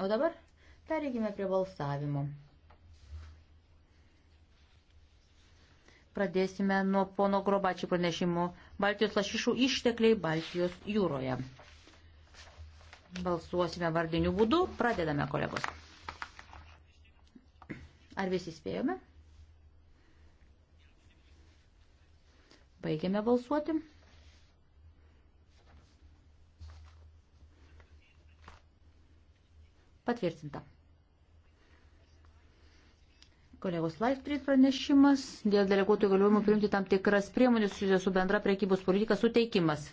O dabar pereikime prie balsavimo. Pradėsime nuo pono Grobačių pranešimų Baltijos lašišų ištekliai Baltijos jūroje. Balsuosime vardiniu būdu. Pradedame, kolegos. Ar visi spėjome? Baigiame balsuoti. Patvirtinta. Kolegos Laistrid pranešimas dėl deleguotų įgaliojimų priimti tam tikras priemonės susijusios su bendra prekybos politika suteikimas.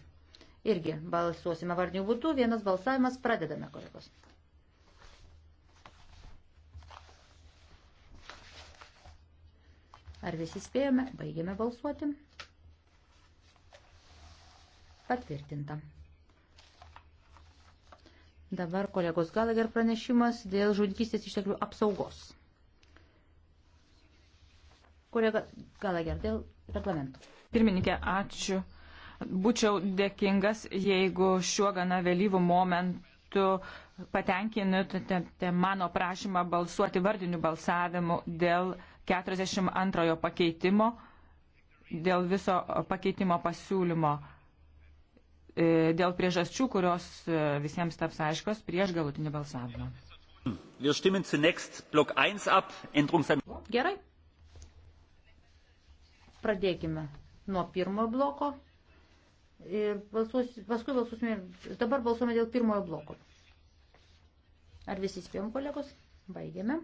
Irgi balsuosime vardinių būdų. Vienas balsavimas. Pradedame, kolegos. Ar visi spėjome? Baigėme balsuoti. Patvirtinta. Dabar kolegos Galager pranešimas dėl žudikystės išteklių apsaugos. Kolega Galager, dėl reglamentų. Pirmininkė, ačiū. Būčiau dėkingas, jeigu šiuo gana vėlyvų momentu patenkinutėte mano prašymą balsuoti vardiniu balsavimu dėl 42 pakeitimo, dėl viso pakeitimo pasiūlymo. E, dėl priežasčių, kurios e, visiems taps aiškios prieš galutinį balsavimą. Gerai. Pradėkime nuo pirmojo bloko. Ir balsuos, paskui balsuosime. Dabar balsuome dėl pirmojo bloko. Ar visi spėjom, kolegos? Baigėme.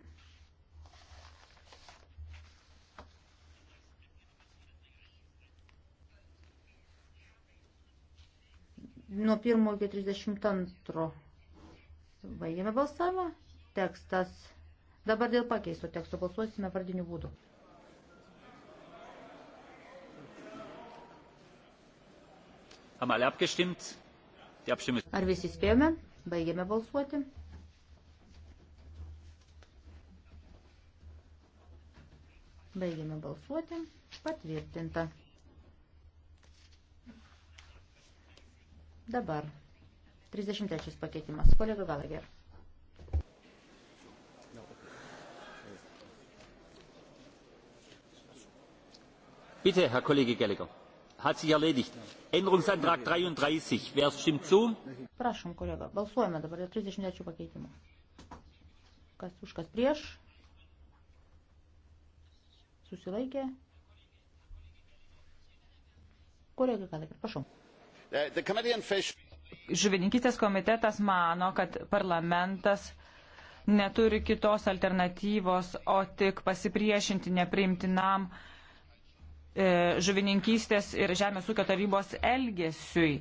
Nuo 1 iki 32. Baigėme balsavimą. Tekstas. Dabar dėl pakeisto teksto balsuosime vardiniu būdu. Ar visi spėjome? Baigėme balsuoti. Baigėme balsuoti. Patvirtinta. Dabar 33 pakeitimas. Kolega Galager. Bitte, Herr Kollege Gallagher. Hat sich erledigt. Änderungsantrag 33. Wer stimmt zu? Prašom, kolega. Balsuojame dabar dėl 33 pakeitimo. Kas už, kas prieš? Susilaikė. Kolega Gallagher, prašom. Žuvininkistės komitetas mano, kad parlamentas neturi kitos alternatyvos, o tik pasipriešinti nepriimtinam e, žuvininkystės ir Žemės ūkio tarybos elgesiui.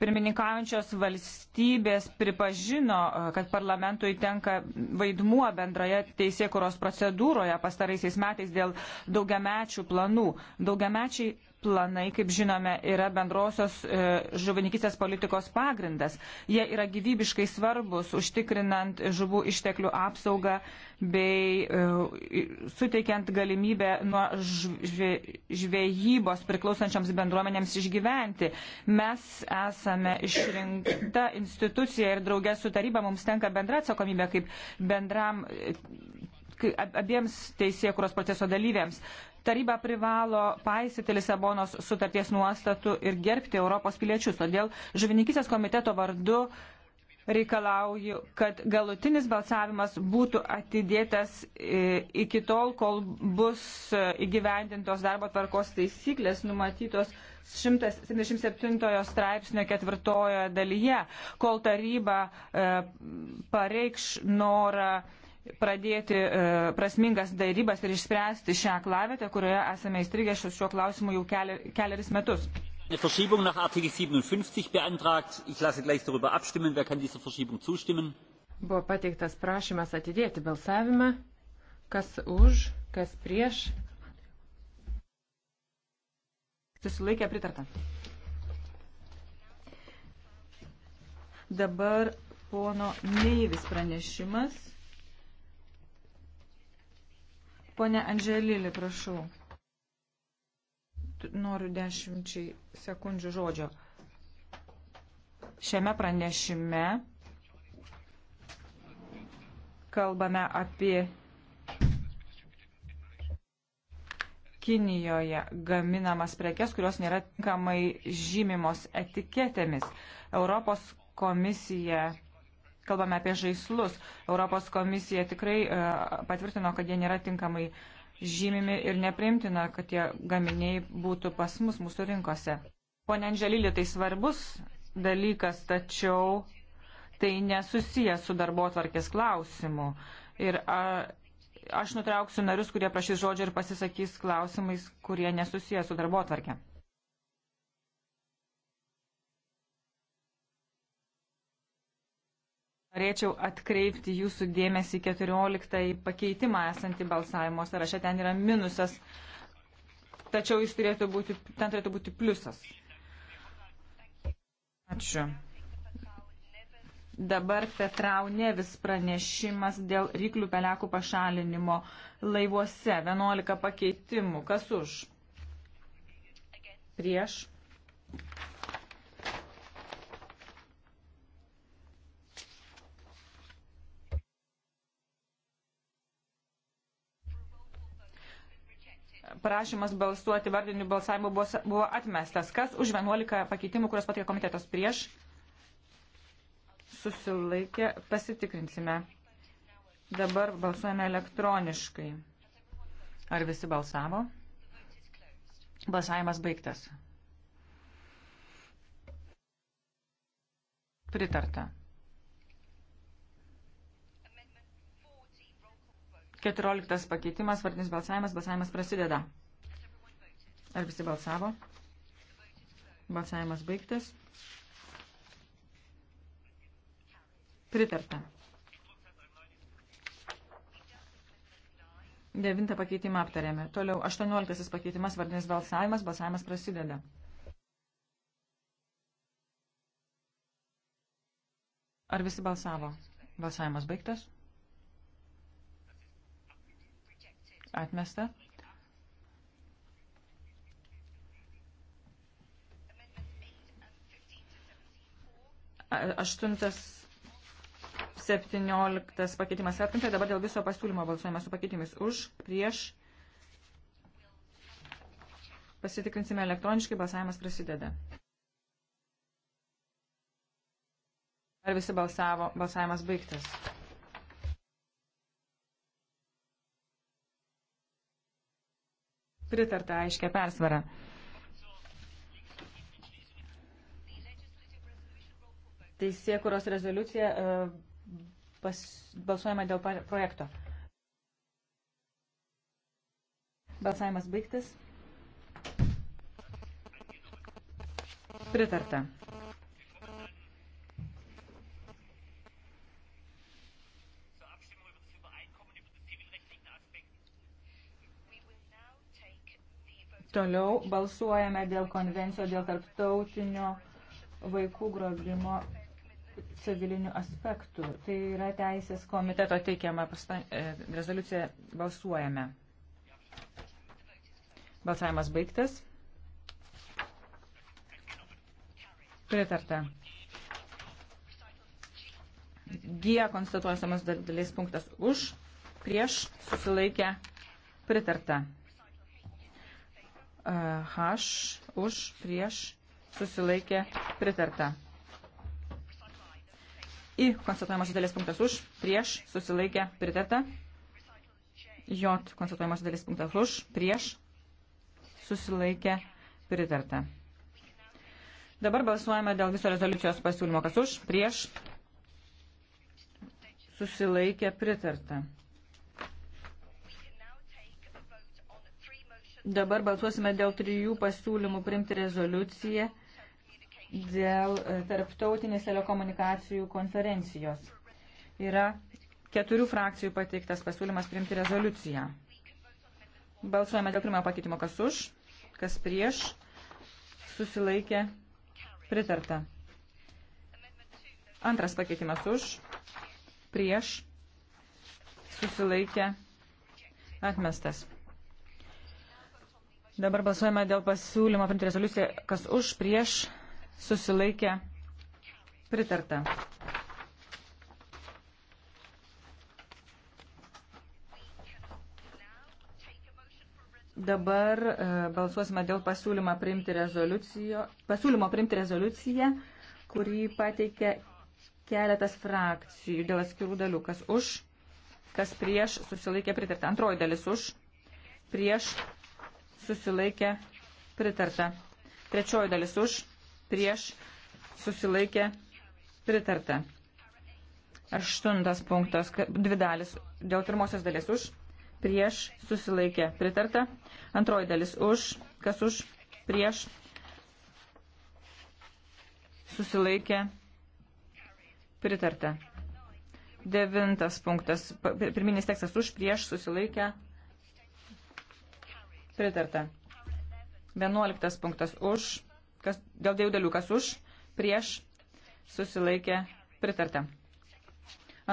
Pirmininkaujančios valstybės pripažino, e, kad parlamentui tenka vaidmuo bendroje teisėkuros procedūroje pastaraisiais metais dėl daugiamečių planų. Daugiamečiai planai, kaip žinome, yra bendrosios e, žuvininkistės politikos pagrindas. Jie yra gyvybiškai svarbus, užtikrinant žuvų išteklių apsaugą bei e, suteikiant galimybę nuo žvėjybos priklausančioms bendruomenėms išgyventi. Mes esame išrinkta institucija ir draugė su taryba mums tenka bendra atsakomybė kaip bendram e, abiems teisėkuros proceso dalyviams. Taryba privalo paisyti Lisabonos sutarties nuostatų ir gerbti Europos piliečius. Todėl žuvininkysės komiteto vardu reikalauju, kad galutinis balsavimas būtų atidėtas e, iki tol, kol bus e, įgyvendintos darbo tvarkos taisyklės numatytos 177 straipsnio ketvirtojo dalyje, kol taryba e, pareikš norą pradėti e, prasmingas darybas ir išspręsti šią klavietę, kurioje esame įstrigę šiuo klausimu jau keliaris metus. Eine Verschiebung nach Artikel 57 beantragt. Ich lasse gleich darüber abstimmen. Wer kann dieser Verschiebung zustimmen? Buvo pateiktas prašymas atidėti balsavimą. Kas už, kas prieš. Susilaikė pritarta. Dabar pono Neivis pranešimas. Pone Anželili, prašau. Noriu dešimčiai sekundžių žodžio. Šiame pranešime kalbame apie Kinijoje gaminamas prekes, kurios nėra tinkamai žymimos etiketėmis. Europos komisija kalbame apie žaislus. Europos komisija tikrai e, patvirtino, kad jie nėra tinkamai žymimi ir nepriimtina, kad tie gaminiai būtų pas mus mūsų rinkose. Pone Andželylė, tai svarbus dalykas, tačiau tai nesusiję su darbo atvarkės klausimu. Ir a, aš nutrauksiu narius, kurie prašys žodžio ir pasisakys klausimais, kurie nesusiję su darbo atvarkė. Norėčiau atkreipti jūsų dėmesį 14 pakeitimą esantį balsavimo sąraše. Ten yra minusas, tačiau jis turėtų būti, ten turėtų būti pliusas. Ačiū. Dabar Petrau Nevis pranešimas dėl ryklių pelekų pašalinimo laivuose. 11 pakeitimų. Kas už? Prieš. prašymas balsuoti vardiniu balsavimu buvo, buvo atmestas. Kas už 11 pakeitimų, kurios patikė komitetas prieš, susilaikė, pasitikrinsime. Dabar balsuojame elektroniškai. Ar visi balsavo? Balsavimas baigtas. Pritarta. 14 pakeitimas, vardinis balsavimas, balsavimas prasideda. Ar visi balsavo? Balsavimas baigtas. Pritarta. Devintą pakeitimą aptarėme. Toliau 18 pakeitimas, vardinis balsavimas, balsavimas prasideda. Ar visi balsavo? Balsavimas baigtas. Atmesta. Aštuntas, septynioliktas pakeitimas atkrenta. Dabar dėl viso pasiūlymo balsuojame su pakeitimais už, prieš. Pasitikrinsime elektroniškai, balsavimas prasideda. Ar visi balsavo, balsavimas baigtas? pritarta aiškia persvara. Teisėkuros rezoliucija e, pas, balsuojama dėl projekto. Balsavimas baigtas. Pritarta. Toliau balsuojame dėl konvencijos dėl tarptautinio vaikų grobimo civilinių aspektų. Tai yra teisės komiteto teikiama e, rezoliucija. Balsuojame. Balsavimas baigtas. Pritarta. G konstatuojamas dalis punktas už, prieš, susilaikę, pritarta. H už prieš susilaikė pritarta. I konstatuojamos dalis punktas už prieš susilaikė pritarta. J konstatuojamos dalis punktas už prieš susilaikė pritarta. Dabar balsuojame dėl viso rezoliucijos pasiūlymo, kas už prieš susilaikė pritarta. Dabar balsuosime dėl trijų pasiūlymų primti rezoliuciją dėl e, tarptautinės telekomunikacijų konferencijos. Yra keturių frakcijų pateiktas pasiūlymas primti rezoliuciją. Balsuojame dėl pirmojo pakeitimo, kas už, kas prieš, susilaikė, pritarta. Antras pakeitimas už, prieš, susilaikė, atmestas. Dabar balsuojame dėl pasiūlymo priimti rezoliuciją, kas už, prieš, susilaikė, pritarta. Dabar e, balsuosime dėl pasiūlymo priimti, pasiūlymo priimti rezoliuciją, kurį pateikė keletas frakcijų dėl atskirų dalių. Kas už, kas prieš, susilaikė pritarta. Antroji dalis už, prieš, susilaikė, pritarta. Trečioji dalis už, prieš, susilaikė, pritarta. Aštuntas punktas, dvi dalis, dėl pirmosios dalies už, prieš, susilaikė, pritarta. Antroji dalis už, kas už, prieš, susilaikė, pritarta. Devintas punktas, pirminis tekstas už, prieš, susilaikė, pritarta Pritarta. 11 punktas už, kas, dėl dviejų dalių, kas už, prieš, susilaikė, pritarta.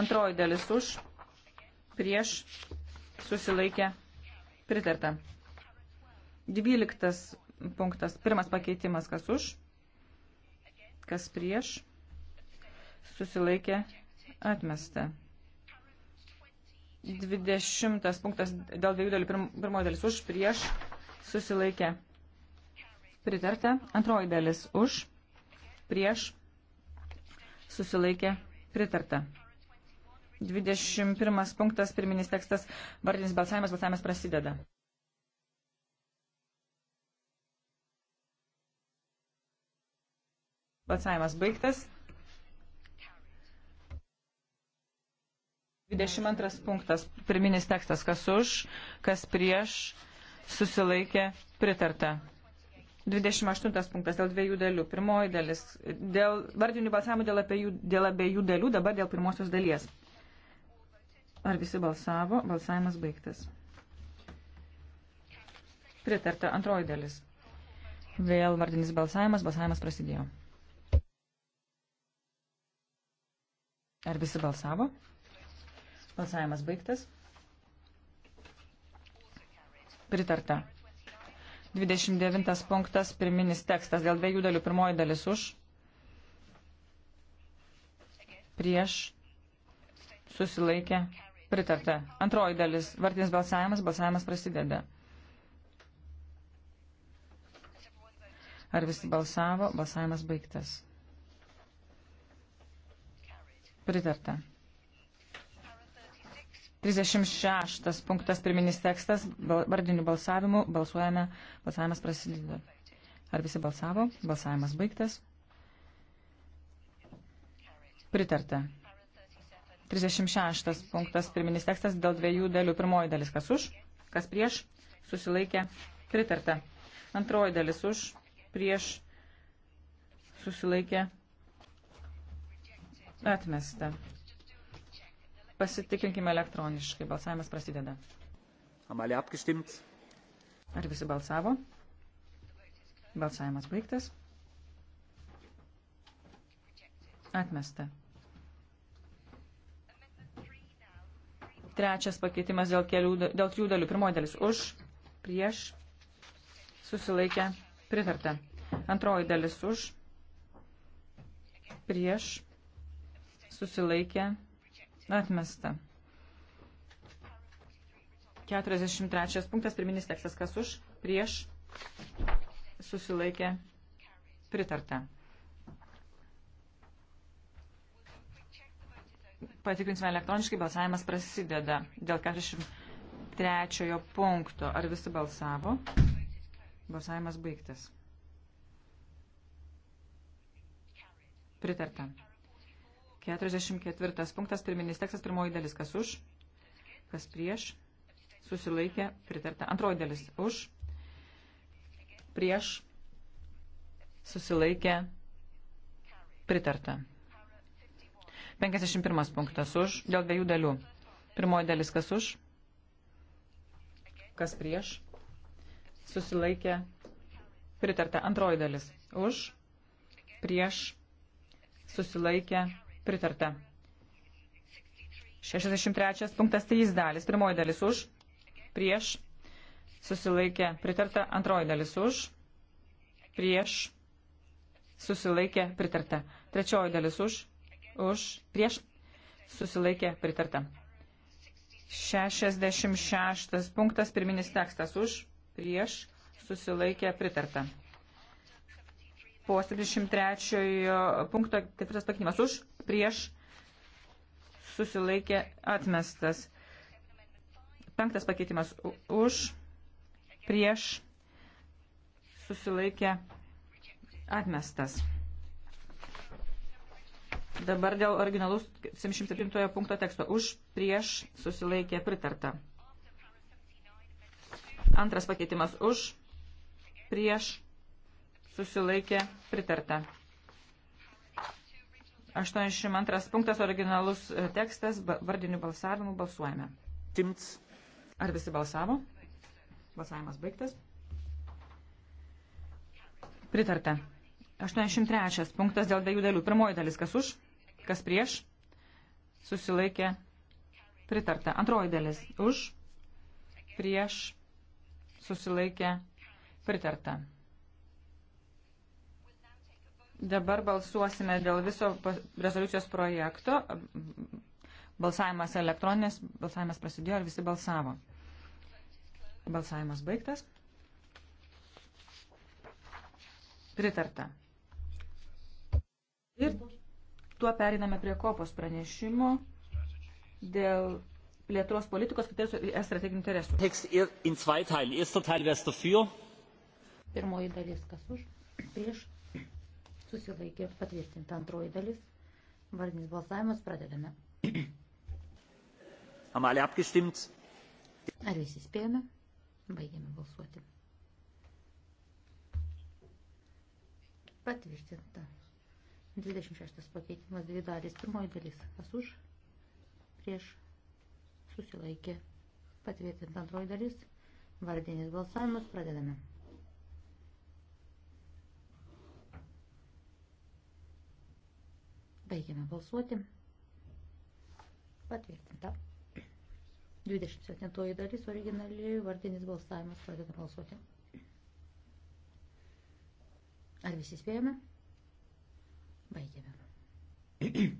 Antroji dalis už, prieš, susilaikė, pritarta. 12 punktas, pirmas pakeitimas, kas už, kas prieš, susilaikė, atmesta. 20 punktas dėl dviejų dalių. Pirmoji dalis už, prieš, susilaikė. Pritarta. Antroji dalis už, prieš, susilaikė. Pritarta. 21 punktas, pirminis tekstas, vardinis balsavimas, balsavimas prasideda. Balsavimas baigtas. 22 punktas, pirminis tekstas, kas už, kas prieš, susilaikė, pritarta. 28 punktas dėl dviejų dalių. Pirmoji dalis. Dėl vardinių balsavimų dėl, abiejų, dėl abiejų dalių, dabar dėl pirmosios dalies. Ar visi balsavo? Balsavimas baigtas. Pritarta. Antroji dalis. Vėl vardinis balsavimas. Balsavimas prasidėjo. Ar visi balsavo? Balsavimas baigtas. Pritarta. 29 punktas, pirminis tekstas. Dėl dviejų dalių. Pirmoji dalis už. Prieš. Susilaikė. Pritarta. Antroji dalis. Vartinis balsavimas. Balsavimas prasideda. Ar visi balsavo? Balsavimas baigtas. Pritarta. 36 punktas pirminis tekstas, vardinių balsavimų, balsuojame, balsavimas prasideda. Ar visi balsavo? Balsavimas baigtas. Pritarta. 36 punktas pirminis tekstas dėl dviejų dalių. Pirmoji dalis kas už, kas prieš, susilaikė, pritarta. Antroji dalis už, prieš, susilaikė, atmesta. Pasitikrinkime elektroniškai. Balsavimas prasideda. Ar visi balsavo? Balsavimas baigtas. Atmesta. Trečias pakeitimas dėl, kelių, dėl trijų dalių. Pirmoji dalis už, prieš, susilaikę, pritarta. Antroji dalis už, prieš, susilaikę, pritarta Atmesta. 43 punktas, pirminis tekstas, kas už, prieš, susilaikė, pritarta. Patikrinsime elektroniškai, balsavimas prasideda dėl 43 punkto. Ar visi balsavo? Balsavimas baigtas. Pritarta. 44 punktas, pirminis tekstas, pirmoji dalis, kas už, kas prieš, susilaikė, pritarta. Antroji dalis, už, prieš, susilaikė, pritarta. 51 punktas už, dėl dviejų dalių. Pirmoji dalis, kas už, kas prieš, susilaikė, pritarta. Antroji dalis, už, prieš, susilaikė, pritarta Pritarta. 63 punktas 3 dalis. Pirmoji dalis už, prieš, susilaikė, pritarta. Antroji dalis už, prieš, susilaikė, pritarta. Trečioji dalis už, už, prieš, susilaikė, pritarta. 66 punktas pirminis tekstas už, prieš, susilaikė, pritarta. Po 73 punkto ketvirtas pakeitimas už, prieš susilaikė atmestas. Penktas pakeitimas už, prieš susilaikė atmestas. Dabar dėl originalus 707 punkto teksto. Už, prieš susilaikė pritarta. Antras pakeitimas už, prieš susilaikė pritarta. 82 punktas originalus e, tekstas, vardinių balsavimų balsuojame. Timts. Ar visi balsavo? Balsavimas baigtas. Pritarta. 83 punktas dėl dviejų dalių. Pirmoji dalis kas už, kas prieš, susilaikė. Pritarta. Antroji dalis už, prieš, susilaikė. Pritarta. Dabar balsuosime dėl viso rezoliucijos projekto. Balsavimas elektroninis, balsavimas prasidėjo ir visi balsavo. Balsavimas baigtas. Pritarta. Ir tuo periname prie kopos pranešimo dėl plėtros politikos ir strateginių interesų. Pirmoji dalis, kas už, prieš, susilaikė patvirtinta antroji dalis. Vardinis balsavimas pradedame. Amalė apgestimt. Ar visi spėjome? Baigėme balsuoti. Patvirtinta. 26 pakeitimas, dvi dalys. Pirmoji dalis. Kas už? Prieš. Susilaikė. Patvirtinta antroji dalis. Vardinis balsavimas. Pradedame. Baigiame balsuoti. Patvirtinta. 27 dalis originali vardinis balsavimas pradeda balsuoti. Ar visi spėjome? Baigiame.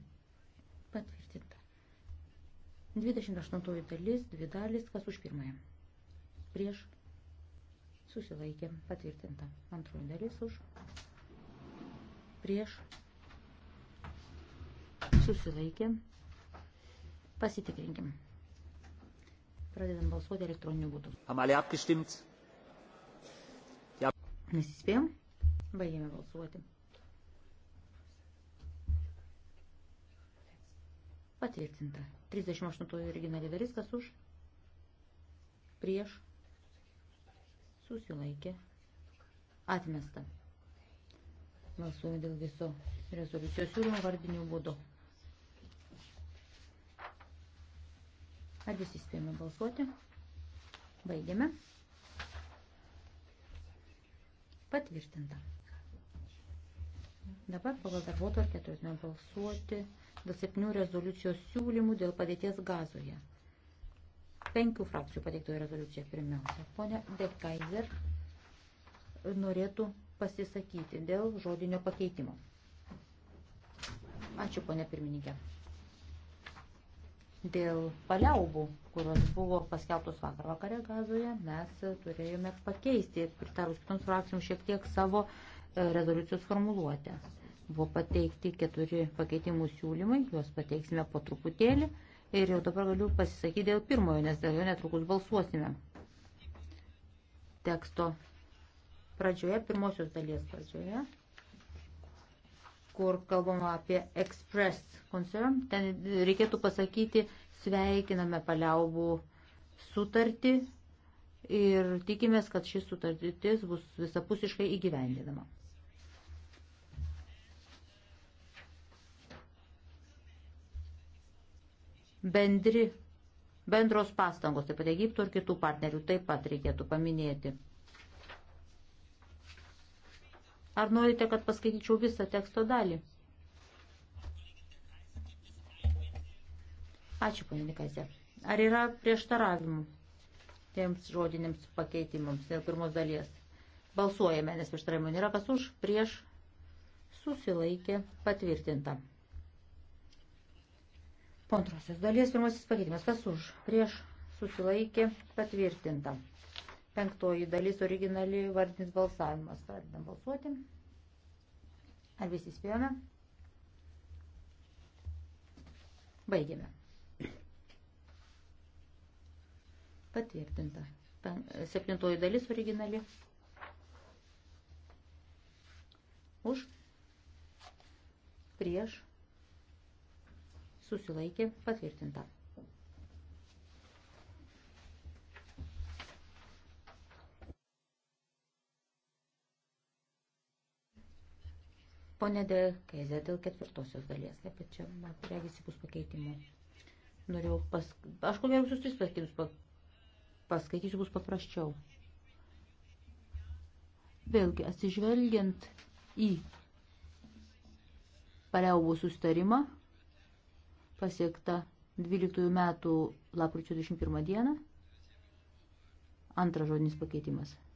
Patvirtinta. 28 dalis, dvi dalis, kas už pirmąją. Prieš susilaikė, patvirtinta. Antroji dalis už. Prieš susilaikė. Pasitikrinkim. Pradedam balsuoti elektroniniu būdu. Amalė apkištimt. Ja. Nesispėjom. Baigėme balsuoti. Patvirtinta. 38 originali dalis, kas už? Prieš. Susilaikė. Atmesta. Balsuojame dėl viso rezoliucijos siūlymo vardinių būdų. Ar visi spėjome balsuoti? Baigiame. Patvirtinta. Dabar pagal darbotvarkę turėtume balsuoti dėl septynių rezoliucijos siūlymų dėl padėties gazoje. Penkių frakcijų pateiktoje rezoliucija pirmiausia. Pone Dekaiser norėtų pasisakyti dėl žodinio pakeitimo. Ačiū, ponė pirmininkė dėl paliaubų, kurios buvo paskelbtos vakar vakare gazoje, mes turėjome pakeisti, pritarus kitoms frakcijoms, šiek tiek savo e, rezoliucijos formuluotę. Buvo pateikti keturi pakeitimų siūlymai, juos pateiksime po truputėlį ir jau dabar galiu pasisakyti dėl pirmojo, nes dėl jo netrukus balsuosime. Teksto pradžioje, pirmosios dalies pradžioje kur kalbama apie express concern, ten reikėtų pasakyti sveikiname paliaubų sutartį ir tikimės, kad šis sutartis bus visapusiškai įgyvendinama. Bendri, bendros pastangos, taip pat Egipto ir kitų partnerių taip pat reikėtų paminėti. Ar norite, kad paskaityčiau visą teksto dalį? Ačiū, ponė Nikaisė. Ar yra prieštaravimų tiems žodiniams pakeitimams dėl pirmos dalies? Balsuojame, nes prieštaravimų nėra. Kas už? Prieš susilaikė patvirtinta. Po antrosios dalies pirmasis pakeitimas. Kas už? Prieš susilaikė patvirtinta. Penktoji dalis originali vardinis balsavimas. Pradedam balsuoti. Ar visi spėjome? Baigėme. Patvirtinta. Septintoji dalis originali. Už. Prieš. Susilaikė. Patvirtinta. Pone dėl Keizė, dėl ketvirtosios dalies, taip pat čia, man regisi, bus pakeitimų. Norėjau pas... Aš ko gero visus tris pakeitimus pa... paskaitysiu, bus paprasčiau. Vėlgi, atsižvelgiant į paliaubų sustarimą, pasiektą 12 metų lapkričio 21 dieną, antras žodinis pakeitimas –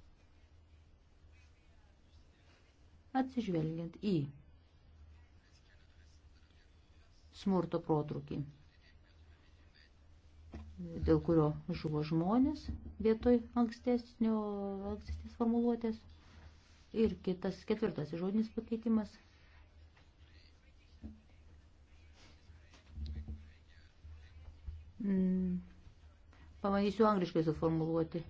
atsižvelgiant į smurto protrukį, dėl kurio žuvo žmonės vietoj ankstesnio, ankstesnės formuluotės. Ir kitas ketvirtas žodinis pakeitimas. Mm. Pamanysiu angliškai suformuluoti.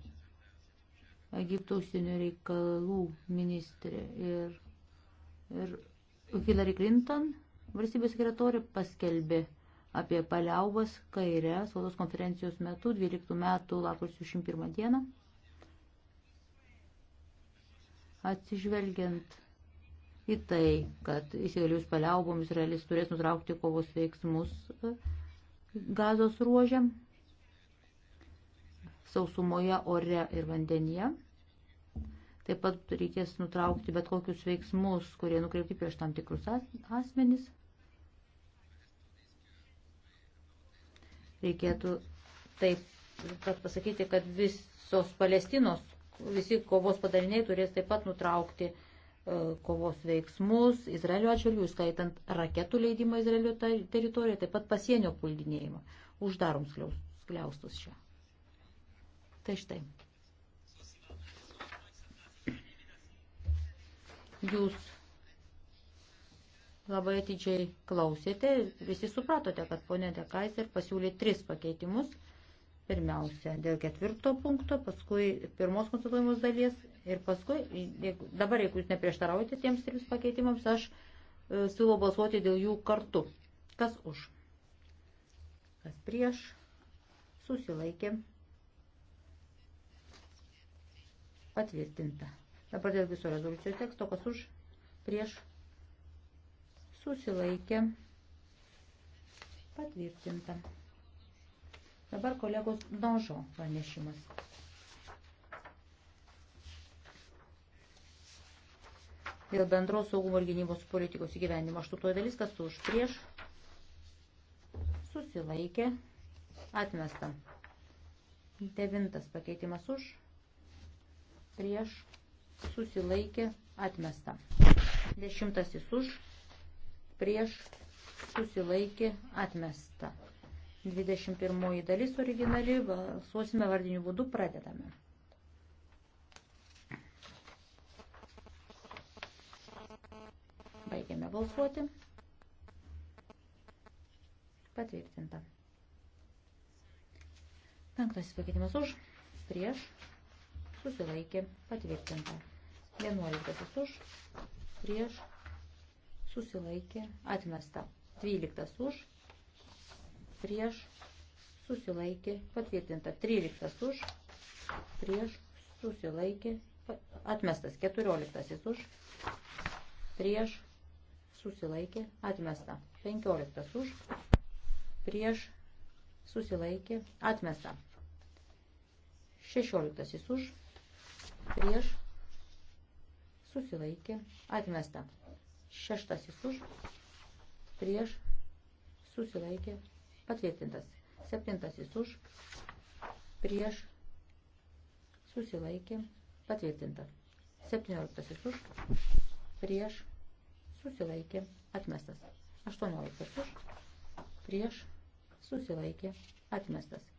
Egipto užsienio reikalų ministrė ir Ir Hillary Clinton, valstybės sekretorė, paskelbė apie paliaubas kairę saudos konferencijos metu 12 metų lapkričio 21 dieną. Atsižvelgiant į tai, kad įsigalius paliauboms Izraelis turės nutraukti kovos veiksmus e, gazos ruožėm, sausumoje, ore ir vandenyje. Taip pat reikės nutraukti bet kokius veiksmus, kurie nukreipti prieš tam tikrus asmenys. Reikėtų taip pat pasakyti, kad visos Palestinos, visi kovos padariniai turės taip pat nutraukti e, kovos veiksmus Izraelio atžvilgių, skaitant raketų leidimą Izraelio teritorijoje, taip pat pasienio puldinėjimą. Uždarom skliaustus čia. Tai štai. Jūs labai atidžiai klausėte ir visi supratote, kad ponė Dekaiser pasiūlė tris pakeitimus. Pirmiausia, dėl ketvirto punkto, paskui pirmos konstatuojamos dalies ir paskui, jeigu, dabar jeigu jūs neprieštaraujate tiems trims pakeitimams, aš e, siūlau balsuoti dėl jų kartu. Kas už? Kas prieš? Susilaikė. Patvirtinta. Dabar dėl viso rezoliucijos teksto, kas už, prieš, susilaikė, patvirtinta. Dabar kolegos Donžo pranešimas. Dėl bendros saugumo ir gynybos politikos įgyvenimo aštuntoji dalis, kas už, prieš, susilaikė, atmesta. Devintas pakeitimas už, prieš, susilaikė atmesta. Dešimtasis už, prieš, susilaikė atmesta. 21 dalis originali, balsuosime vardiniu būdu, pradedame. Baigiame balsuoti. Patvirtinta. Penktasis pakeitimas už, prieš, susilaikė patvirtinta. 11 už, prieš, susilaikė atmesta. 12 už, prieš, susilaikė patvirtinta. 13 už, prieš, susilaikė atmestas. 14 už, prieš, susilaikė atmesta. 15 už, prieš, susilaikė atmesta. 16 už, prieš, susilaikė, atmesta. Šeštasis už, prieš, susilaikė, patvirtintas. Septintasis už, prieš, susilaikė, patvirtinta. Septynioliktasis už, prieš, susilaikė, atmestas. Aštuonioliktas už, prieš, susilaikė, atmestas.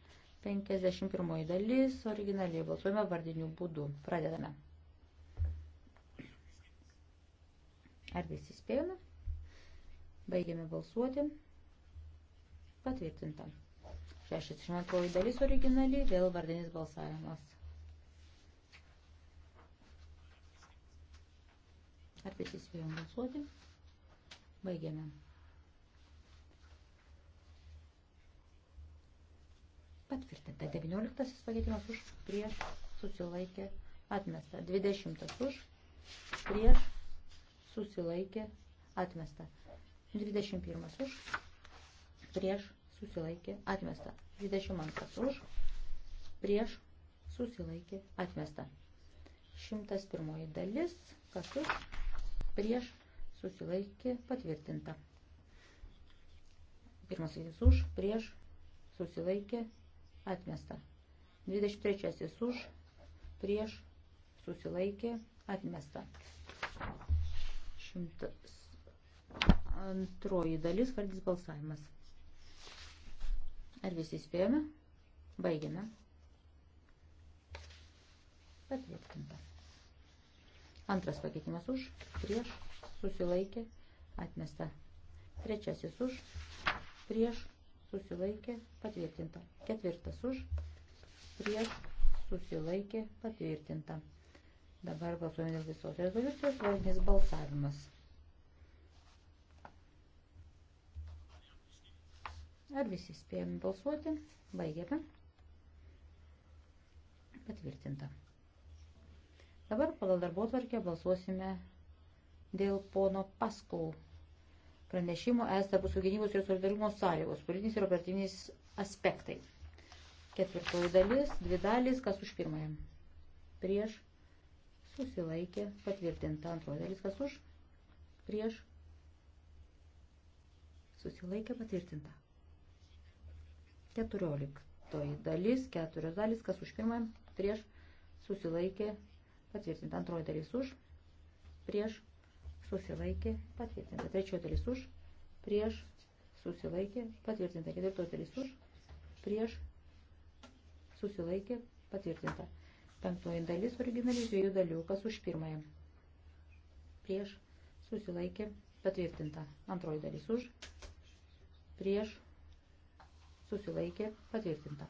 51 dalis, originaliai balsuojame vardinių būdų. Pradedame. Ar visi spėjome? Baigiame balsuoti. Patvirtinta. 62 dalis originaliai, vėl vardinis balsavimas. Ar visi spėjome balsuoti? Baigiame. patvirtinta. 19 pakeitimas už prieš susilaikė atmesta. 20 už prieš susilaikė atmesta. 21 už prieš susilaikė atmesta. 22 už prieš susilaikė atmesta. 101 dalis kas už prieš susilaikė patvirtinta. Pirmas veiksmas už prieš susilaikė atmesta. 23 už, prieš, susilaikė, atmesta. Šimtas antroji dalis, vardys balsavimas. Ar visi spėjome? Baigiame. Patvirtinta. Antras pakeitimas už, prieš, susilaikė, atmesta. Trečiasis už, prieš, susilaikė patvirtinta. Ketvirtas už, prieš susilaikė patvirtinta. Dabar balsuojame dėl visos rezoliucijos, vardinis balsavimas. Ar visi spėjome balsuoti? Baigėme. Patvirtinta. Dabar pagal darbo tvarkę balsuosime dėl pono Paskau pranešimo es tarpusų gynybos ir solidarumo sąlygos, politinis ir operatyvinis aspektai. Ketvirtoji dalis, dvi dalis, kas už pirmąją. Prieš, susilaikė, patvirtinta. Antroji dalis, kas už, prieš, susilaikė, patvirtinta. Keturioliktoji dalis, keturios dalis, kas už pirmąją, prieš, susilaikė, patvirtinta. Antroji dalis už, prieš, susilaikė susilaikė, patvirtinta. Trečioji dalis už, prieš, susilaikė, patvirtinta. Ketvirtoji dalis už, prieš, susilaikė, patvirtinta. Penktoji dalis originaliai dviejų dalių, kas už pirmąją. Prieš, susilaikė, patvirtinta. Antroji dalis už, prieš, susilaikė, patvirtinta.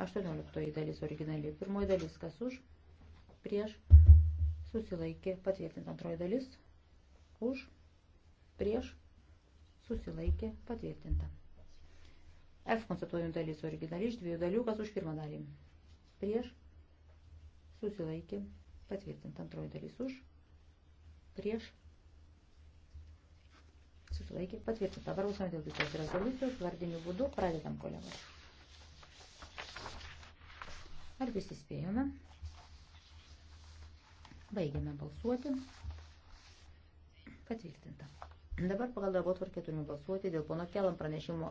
Aštuonioliktoji dalis originaliai, pirmoji dalis kas už, prieš, susilaikė, patvirtinta. Antroji dalis už, prieš, susilaikė, patvirtinta. F konstatuojant dalis originali iš dviejų dalių, kas už pirmą dalį. Prieš, susilaikė, patvirtinta antroji dalis už, prieš, susilaikė, patvirtinta. Dabar užsienio dėl visos rezoliucijos, vardinių būdų, pradedam kolegos. Ar visi spėjome? Baigiame balsuoti. Patvirtinta. Dabar pagal darbo tvarkę turime balsuoti dėl pono Kelam pranešimo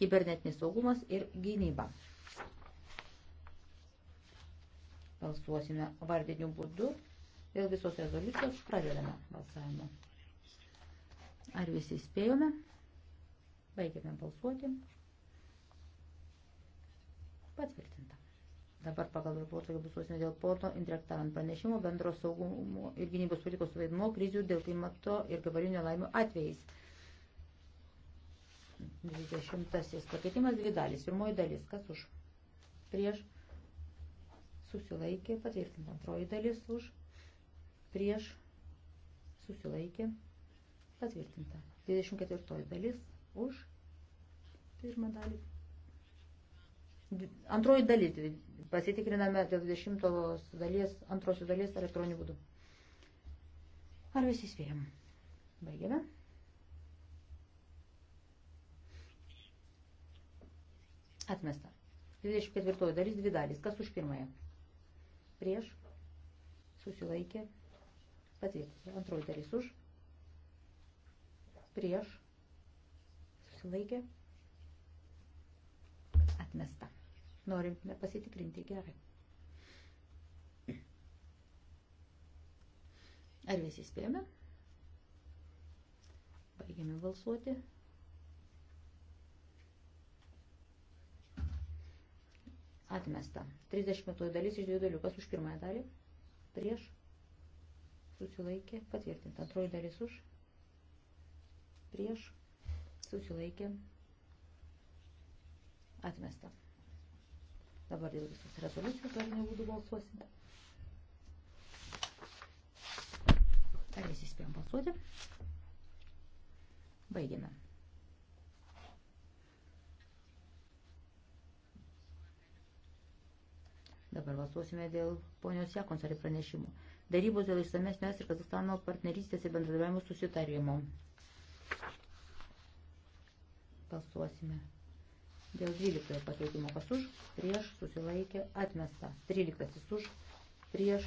kibernetinis saugumas ir gynyba. Balsuosime vardiniu būdu. Dėl visos rezoliucijos pradedame balsavimą. Ar visi spėjome? Baigėme balsuoti. Patvirtinta. Dabar pagal reportą balsuosime dėl porto Indrektavan pranešimo bendro saugumo ir gynybos politikos vaidmo krizių dėl klimato ir gavarinio laimio atvejais. 20. Pakeitimas dvi dalis. Pirmoji dalis. Kas už? Prieš. Susilaikė. Patvirtinta. Antroji dalis už. Prieš. Susilaikė. Patvirtinta. 24. dalis už. Pirmą dalį Antroji dalis. Pasitikriname dėl 20 dalies, antrosios dalies elektroniniu būdu. Ar visi spėjom? Baigiame. Atmesta. 24 dalis, dvi dalis. Kas už pirmąją? Prieš. Susilaikė. Patvirtinti. Antroji dalis už. Prieš. Susilaikė. Atmesta norime pasitikrinti gerai. Ar visi spėjome? Baigiame balsuoti. Atmesta. 35 dalis iš dviejų dalių. Kas už pirmąją dalį? Prieš. Susilaikė. Patvirtinta. Antroji dalis už. Prieš. Susilaikė. Atmesta. Dabar dėl visos rezoliucijos dar nebūtų balsuosime. Ar visi spėjom balsuoti? Baigiame. Dabar balsuosime dėl ponios Jekonsarį pranešimų. Darybos dėl išsamesnės ir Kazakstano partnerystės ir bendradarbiavimo susitarimo. Balsuosime. Dėl 12 pakeitimo kas už, prieš susilaikė atmesta. 13 už, prieš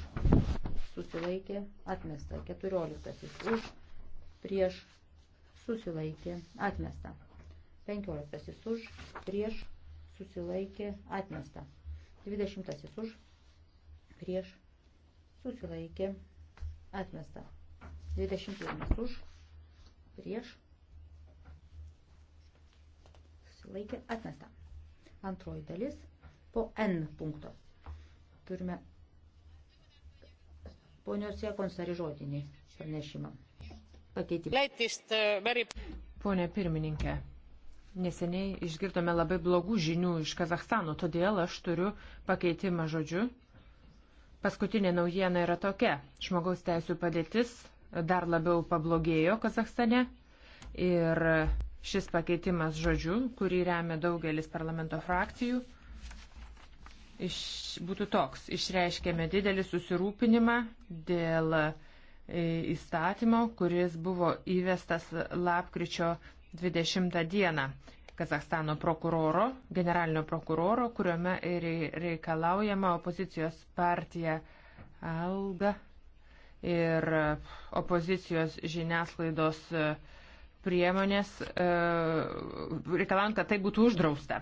susilaikė atmesta. 14 už, prieš susilaikė atmesta. 15 už, prieš susilaikė atmesta. 20 už, prieš susilaikė atmesta. 21 už, prieš susilaikė atmesta. Antroji dalis po N punkto. Turime ponios Jekonsari žodinį pranešimą. Pakeitimą. Pone pirmininkė, neseniai išgirdome labai blogų žinių iš Kazahstano, todėl aš turiu pakeitimą žodžiu. Paskutinė naujiena yra tokia. Žmogaus teisų padėtis dar labiau pablogėjo Kazahstane ir Šis pakeitimas žodžiu, kurį remia daugelis parlamento frakcijų, iš, būtų toks. Išreiškėme didelį susirūpinimą dėl e, įstatymo, kuris buvo įvestas lapkričio 20 dieną Kazakstano prokuroro, generalinio prokuroro, kuriuome reikalaujama opozicijos partija Alga ir opozicijos žiniasklaidos uh, priemonės, e, reikalant, kad tai būtų uždrausta.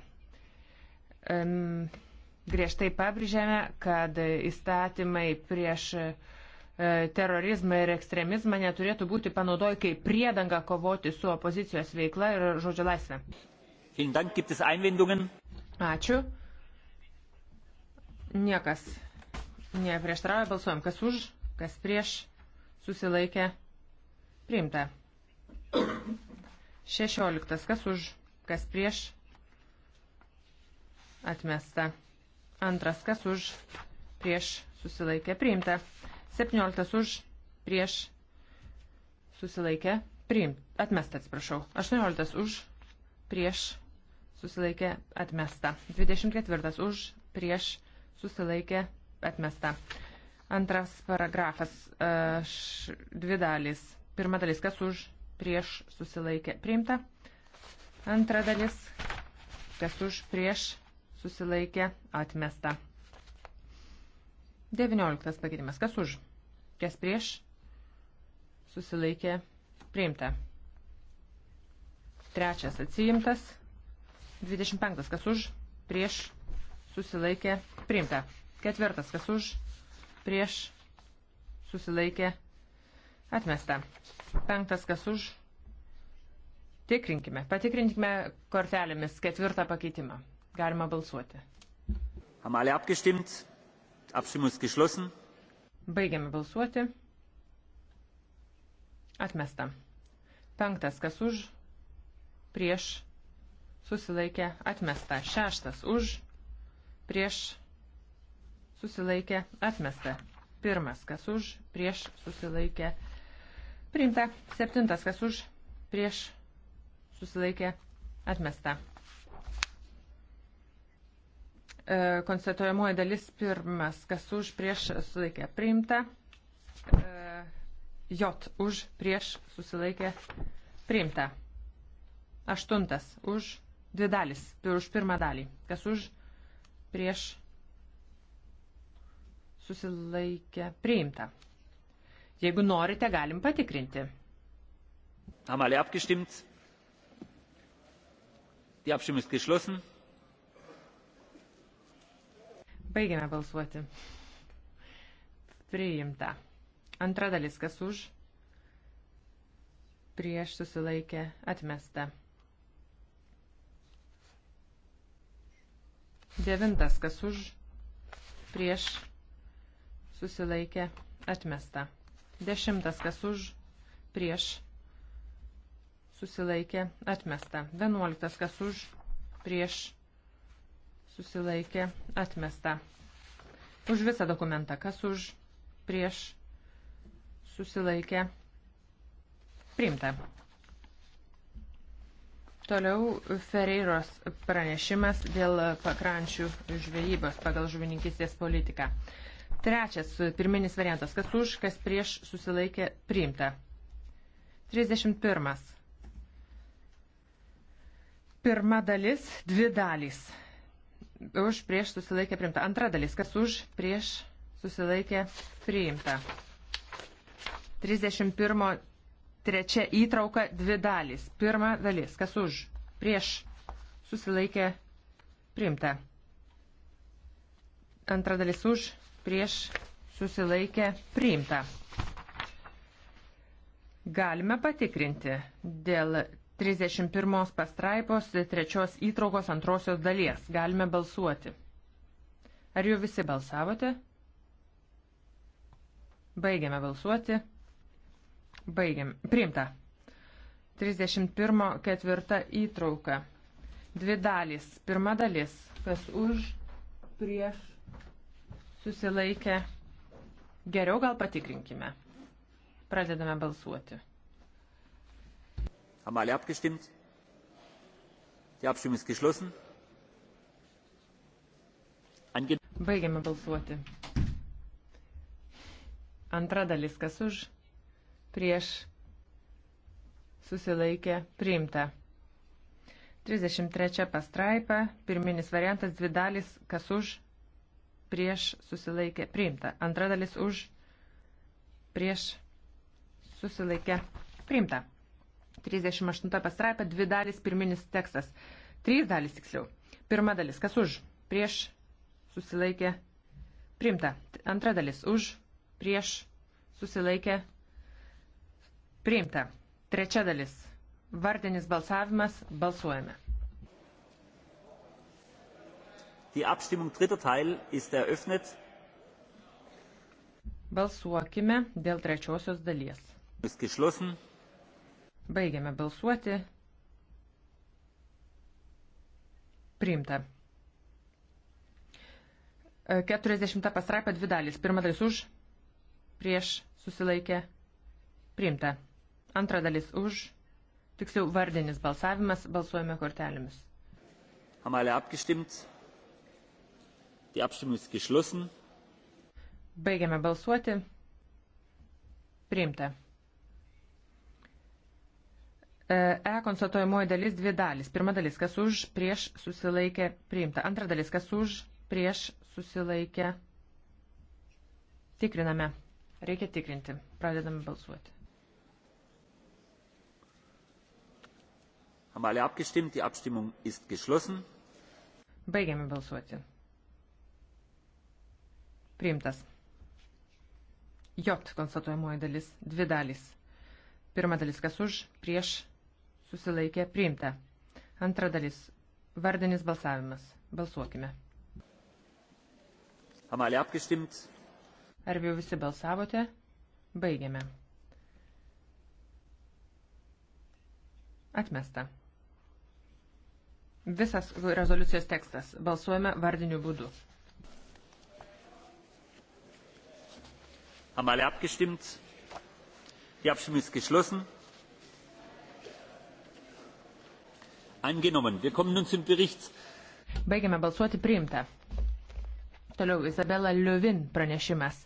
Griežtai pabrėžėme, kad įstatymai prieš e, terorizmą ir ekstremizmą neturėtų būti panaudoję kaip priedanga kovoti su opozicijos veikla ir žodžio laisvė. Ačiū. Niekas neprieštarauja, balsuojam, kas už, kas prieš, susilaikė, priimta. Šešioliktas. Kas už, kas prieš? Atmesta. Antras. Kas už, prieš? Susilaikė. Priimta. Septynioliktas už, prieš? Susilaikė. Priimta. Atmesta, atsiprašau. Aštuonioliktas už, prieš? Susilaikė. Atmesta. Dvidešimt ketvirtas už, prieš? Susilaikė. Atmesta. Antras paragrafas, š, dvi dalys. Pirma dalis, kas už, prieš susilaikė priimta. Antra dalis, kas už prieš susilaikė atmesta. 19 pakeitimas, kas už, kas prieš susilaikė priimta. Trečias atsijimtas, 25 kas už, prieš susilaikė priimta. Ketvirtas kas už, prieš susilaikė priimta Atmesta. Penktas kas už. Tikrinkime. Patikrinkime kortelėmis ketvirtą pakeitimą. Galima balsuoti. Haben alle abgestimmt? Abstimmung ist geschlossen. Baigiame balsuoti. Atmesta. Penktas kas už. Prieš. Susilaikė. Atmesta. Šeštas už. Prieš. Susilaikė. Atmesta. Pirmas kas už. Prieš. Susilaikė. Atmesta Priimta. Septintas, kas už, prieš, susilaikė, atmesta. E, konstatuojamoji dalis pirmas, kas už, prieš, susilaikė, priimta. E, J už, prieš, susilaikė, priimta. Aštuntas, už, dvi dalis, už pirmą dalį, kas už, prieš, susilaikė, priimta. Jeigu norite, galim patikrinti. Haben alle abgestimmt? Die Abstimmung ist geschlossen. Baigiame balsuoti. Priimta. Antra dalis, kas už, prieš susilaikė, atmesta. Devintas, kas už, prieš susilaikė, atmesta. Dešimtas, kas už, prieš, susilaikė, atmesta. Vienuoliktas, kas už, prieš, susilaikė, atmesta. Už visą dokumentą, kas už, prieš, susilaikė, priimta. Toliau Ferreiros pranešimas dėl pakrančių žvejybos pagal žuvininkistės politiką. Trečias pirminis variantas. Kas už, kas prieš susilaikė priimta. 31. Pirma dalis, dvi dalys. Už, prieš susilaikė priimta. Antra dalis. Kas už, prieš susilaikė priimta. 31. Trečia įtrauka, dvi dalys. Pirma dalis. Kas už, prieš susilaikė priimta. Antra dalis už, prieš susilaikę priimta. Galime patikrinti dėl 31 pastraipos trečios įtraukos antrosios dalies. Galime balsuoti. Ar jau visi balsavote? Baigiame balsuoti. Baigiam. Priimta. 31 ketvirta įtrauka. Dvi dalys. Pirma dalis. Kas už, prieš, susilaikę. Geriau gal patikrinkime. Pradedame balsuoti. Haben alle abgestimmt? Die Abstimmung ist geschlossen. Ange Baigiame balsuoti. Antra dalis, kas už, prieš, susilaikė, priimta. 33 pastraipa, pirminis variantas, dvi dalis, kas už, prieš susilaikė priimta. Antra dalis už prieš susilaikė priimta. 38 pastraipė, dvi dalis pirminis tekstas. Trys dalis tiksliau. Pirma dalis, kas už, prieš susilaikė priimta. Antra dalis, už, prieš susilaikė priimta. Trečia dalis, vardinis balsavimas, balsuojame. Die Abstimmung dritter Teil ist eröffnet. Balsuokime dėl trečiosios dalies. Ist geschlossen. Baigiame balsuoti. Priimta. 40 e, pasraipa dvi dalys. Pirma dalis už, prieš susilaikė, priimta. Antra dalis už, tiksliau vardinis balsavimas, balsuojame kortelėmis. Haben alle abgestimmt? Die Abstimmung ist geschlossen. Baigiame balsuoti. Priimta. E, e konstatuojamoji dalis dvi dalis. Pirma dalis, kas už, prieš susilaikė, priimta. Antra dalis, kas už, prieš susilaikė. Tikriname. Reikia tikrinti. Pradedame balsuoti. Haben alle abgestimmt, die Abstimmung ist geschlossen. Baigiame balsuoti. Priimtas. J konstatuojamoji dalis. Dvi dalys. Pirma dalis kas už, prieš, susilaikė, priimta. Antra dalis. Vardinis balsavimas. Balsuokime. Ar jau visi balsavote? Baigiame. Atmesta. Visas rezoliucijos tekstas. Balsuojame vardiniu būdu. haben alle abgestimmt? die abstimmung ist geschlossen. angenommen. wir kommen nun zum bericht. baigiame balsuoti priimta. toliau izabela liuvin pranešimas.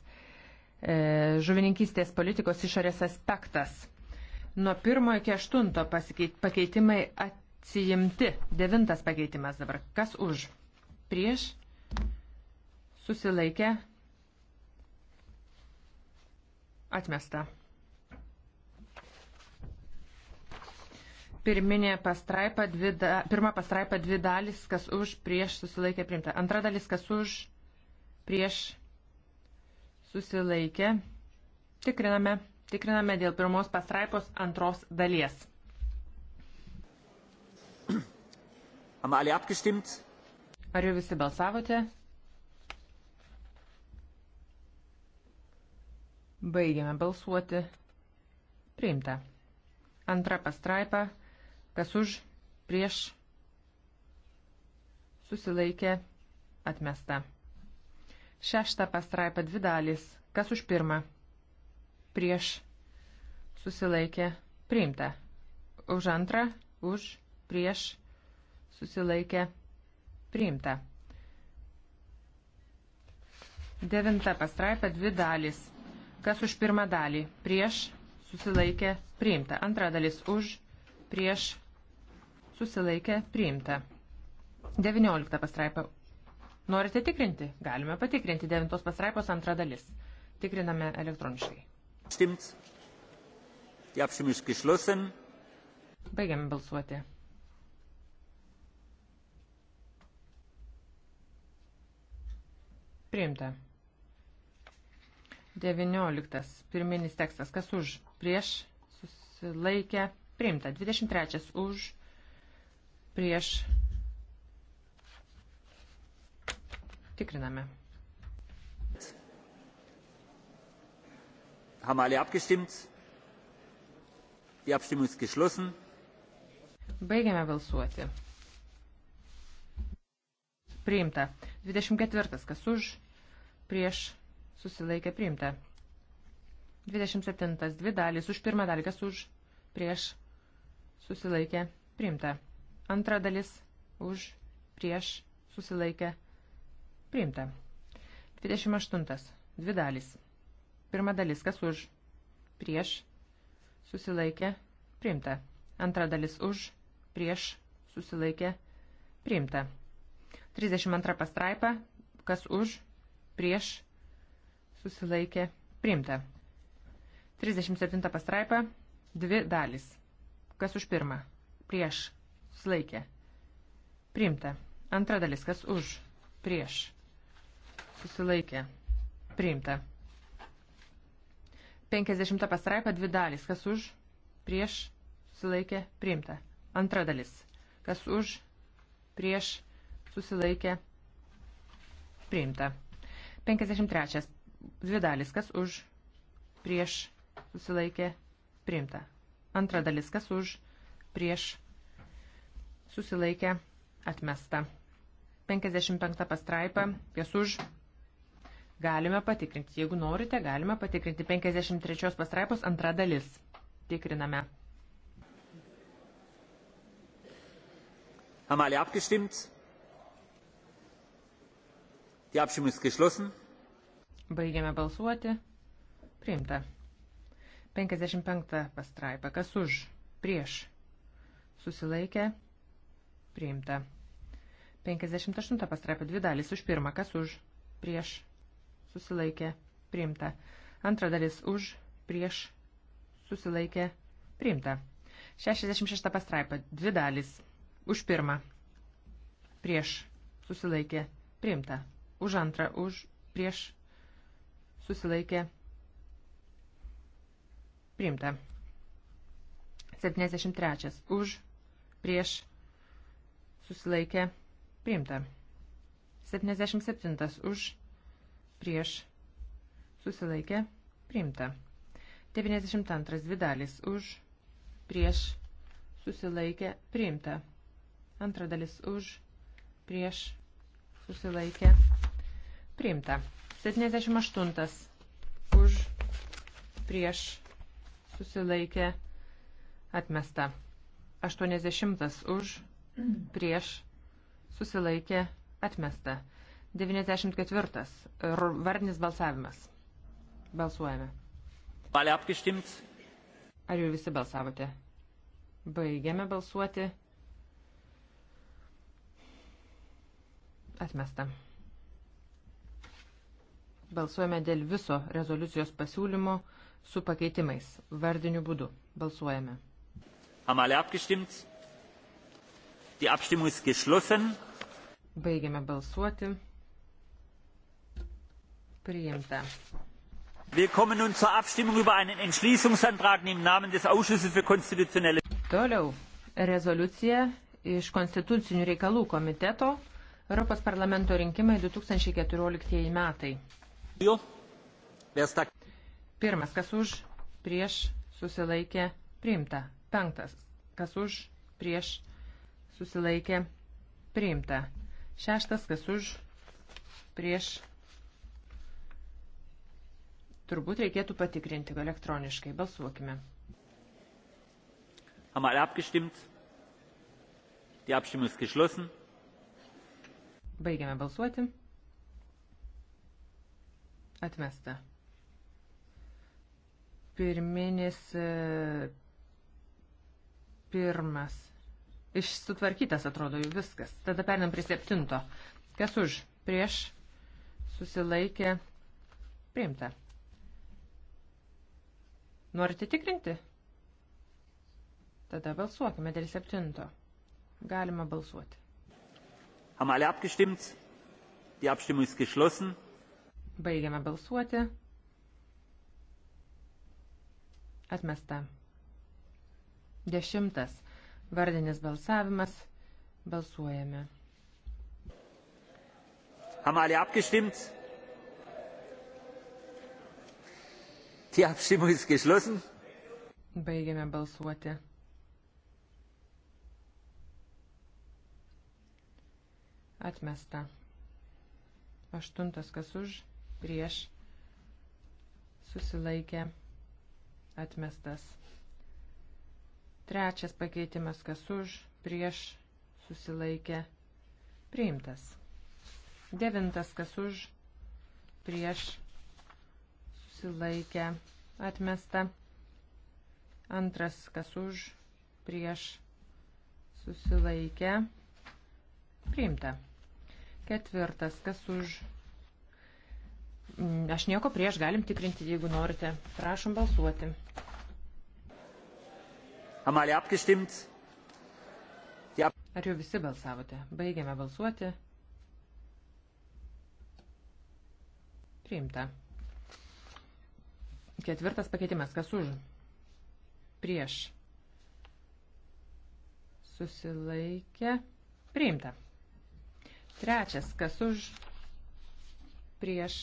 E, žuvininkystės politikos išorės aspektas. Nuo pirmo iki aštunto pasikeit, pakeitimai atsijimti. Devintas pakeitimas dabar. Kas už? Prieš? Susilaikę? Atmesta. Pirminė pastraipa, dvi da, pirma pastraipa dvi dalis, kas už, prieš susilaikė primta. Antra dalis, kas už, prieš susilaikė. Tikriname, tikriname dėl pirmos pastraipos antros dalies. Ar jau visi balsavote? Baigiame balsuoti. Priimta. Antra pastraipa. Kas už, prieš, susilaikė, atmesta. Šešta pastraipa dvi dalys. Kas už pirmą? Prieš, susilaikė, priimta. Už antrą, už, prieš, susilaikė, priimta. Devinta pastraipa dvi dalys. Kas už pirmą dalį? Prieš susilaikė priimta. Antra dalis už, prieš susilaikė priimta. 19 pastraipa. Norite tikrinti? Galime patikrinti 9 pastraipos antrą dalis. Tikriname elektroniškai. Stimmt. Die Abstimmung ist geschlossen. Baigiame balsuoti. Priimta. 19. Pirminis tekstas. Kas už? Prieš susilaikę priimta. 23. Už prieš tikriname. Haben alle abgestimmt? Die Abstimmung ist geschlossen. Baigiame balsuoti. Priimta. 24. Kas už? Prieš susilaikė priimta. 27. Dvi dalys už pirmą dalį, kas už prieš susilaikė priimta. Antra dalis už prieš susilaikė priimta. 28. Dvi dalys. Pirma dalis, kas už prieš susilaikė priimta. Antra dalis už prieš susilaikė priimta. 32 pastraipa, kas už prieš susilaikė priimta susilaikė priimta. 37 pastraipa, dvi dalys. Kas už pirmą? Prieš. Susilaikė. Priimta. Antra dalis, kas už? Prieš. Susilaikė. Priimta. 50 pastraipa, dvi dalys. Kas už? Prieš. Susilaikė. Priimta. Antra dalis. Kas už? Prieš. Susilaikė. Priimta. 53. Dvi dalis, kas už, prieš, susilaikė, priimta. Antra dalis, kas už, prieš, susilaikė, atmesta. 55 pastraipa, kas už, galime patikrinti. Jeigu norite, galime patikrinti. 53 pastraipos antra dalis. Tikriname. Haben alle abgestimmt? Die Abstimmung ist geschlossen. Baigiame balsuoti. Priimta. 55 pastraipa. Kas už? Prieš. Susilaikę. Priimta. 58 pastraipa. Dvi dalis. Už pirmą. Kas už? Prieš. Susilaikė. Priimta. Antra dalis. Už. Prieš. Susilaikė. Priimta. 66 pastraipa. Dvi dalis. Už pirmą. Prieš. Susilaikė. Priimta. Už antrą. Už. Prieš susilaikė priimta. 73. Už, prieš, susilaikė priimta. 77. Už, prieš, susilaikė priimta. 92. Dvi dalis. Už, prieš, susilaikė priimta. Antra dalis. Už, prieš, susilaikė priimta. 78 už prieš susilaikė atmesta. 80 už prieš susilaikė atmesta. 94. Vardinis balsavimas. Balsuojame. Ar jau visi balsavote? Baigiame balsuoti. Atmesta. Balsuojame dėl viso rezoliucijos pasiūlymo su pakeitimais. Vardiniu būdu. Balsuojame. Baigiame balsuoti. Priimta. Wir kommen nun zur Abstimmung über einen Entschließungsantrag im Namen des Ausschusses für konstitutionelle. Toliau. Rezoliucija iš Konstitucinių reikalų komiteto Europos parlamento rinkimai 2014 metai. Pirmas, kas už, prieš, susilaikė, priimta. Penktas, kas už, prieš, susilaikė, priimta. Šeštas, kas už, prieš. Turbūt reikėtų patikrinti elektroniškai. Balsuokime. Haben alle abgestimmt? Die Abstimmung ist geschlossen. Baigiame balsuoti. Atmesta. Pirminis e, pirmas. Išsutvarkytas atrodo jau viskas. Tada perinam prie septinto. Kas už? Prieš susilaikė priimta. Norite tikrinti? Tada balsuokime dėl septinto. Galima balsuoti. Haben alle abgestimmt? Die Abstimmung ist geschlossen. Baigiame balsuoti. Atmesta. Dešimtas. Vardinis balsavimas. Balsuojame. Haben alle abgestimmt? Die Abstimmung ist geschlossen. Baigiame balsuoti. Atmesta. Aštuntas kas už prieš susilaikė atmestas. Trečias pakeitimas, kas už, prieš susilaikė priimtas. Devintas, kas už, prieš susilaikė atmesta. Antras, kas už, prieš susilaikė priimta. Ketvirtas, kas už, Mm, aš nieko prieš, galim tikrinti, jeigu norite. Prašom balsuoti. Ar jau visi balsavote? Baigiame balsuoti. Priimta. Ketvirtas pakeitimas. Kas už? Prieš. Susilaikė. Priimta. Trečias. Kas už? Prieš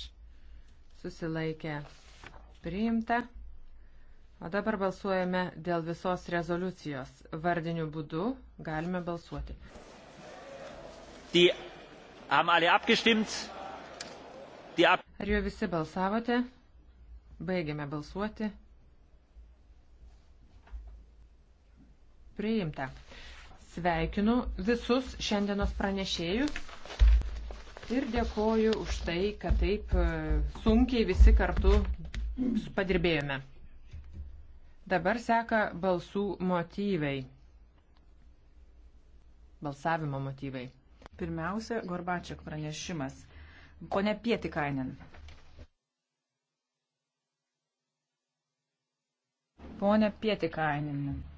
susilaikė priimta. O dabar balsuojame dėl visos rezoliucijos. Vardiniu būdu galime balsuoti. Die haben alle abgestimmt. Die ab Ar jau visi balsavote? Baigėme balsuoti. Priimta. Sveikinu visus šiandienos pranešėjus ir dėkoju už tai, kad taip e, sunkiai visi kartu padirbėjome. Dabar seka balsų motyvai. Balsavimo motyvai. Pirmiausia, Gorbačiak pranešimas. Pone Pietikainen. Pone Pietikainen.